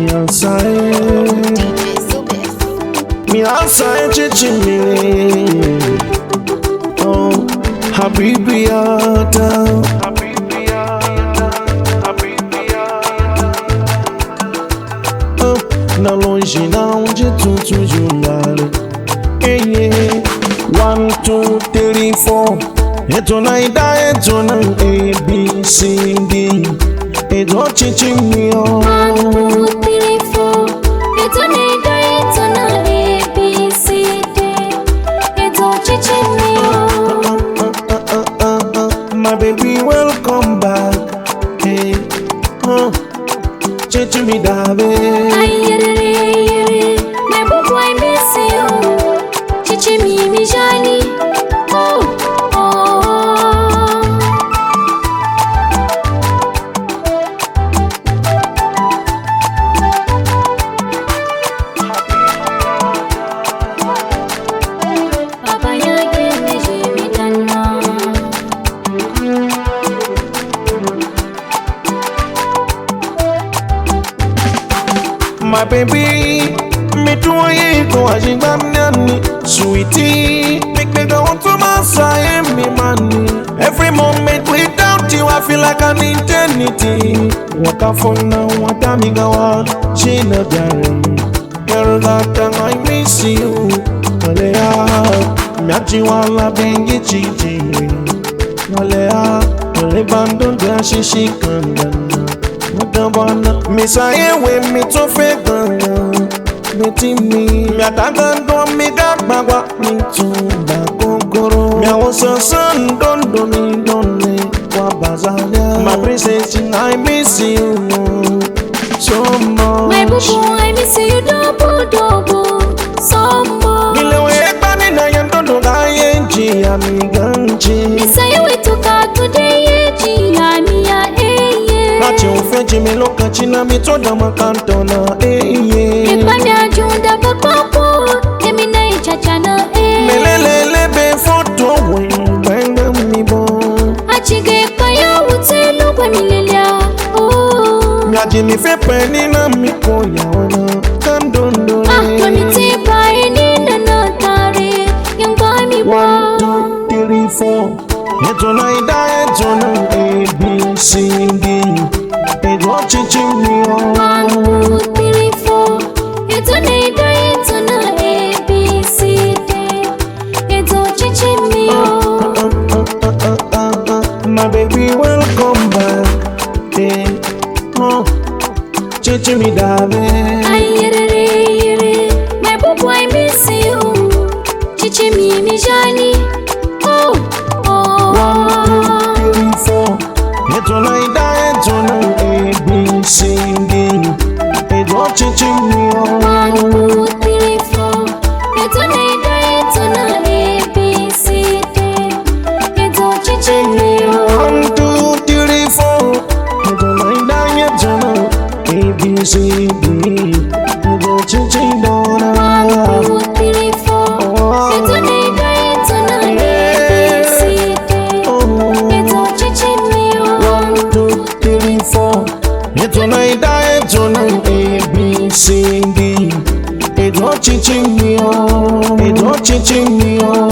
Miança é e é Chichimiri Oh, Habibiata oh, Na longe na onde tudo jular Hey, yeah. One, two, three, four Eto na ida, eto na A, B, C, D Eto chichimiri oh midave ayerere yere mebukwa imisiyo chichimimi jani my baby. Me do ye to a jigba mnani. Sweetie, make me go to my side, me money. Every moment without you, I feel like an eternity. What a fun now, what a me one. She no daring. Girl, that time I miss you. Alea, me a jiwala bengi jijiri. Alea, ole bandon dia shishi kandan. bọ́nà mi ṣàyẹ̀wé mi tún fẹ́ gbọ̀ngàn mi ti mi. mi àtàgbọ̀ndọ̀ mi dàgbàgbà mi tún dà kókóró. mi àwọn sọ̀sán dọ́ndọ̀ mi dọ́nlẹ̀ wà bàzálẹ̀. my princess I miss you so much. my bubu I miss you double double so much. ilé wo ẹgbẹ́ mi náà yẹn dọ́dọ̀ láyé jìyà mi gan jì. mi ṣàyẹ̀wé. chimeloka china mitsoda makantona jimifepeni eh, na eh. oh. mikoya wana kandondoeaamitibaeni ah, nanatare yangwamiwa Ètùnú idà ètùnú abcd ètò ọ̀chịchị ni ó. see But you change on up It don't change me, oh. It don't change me,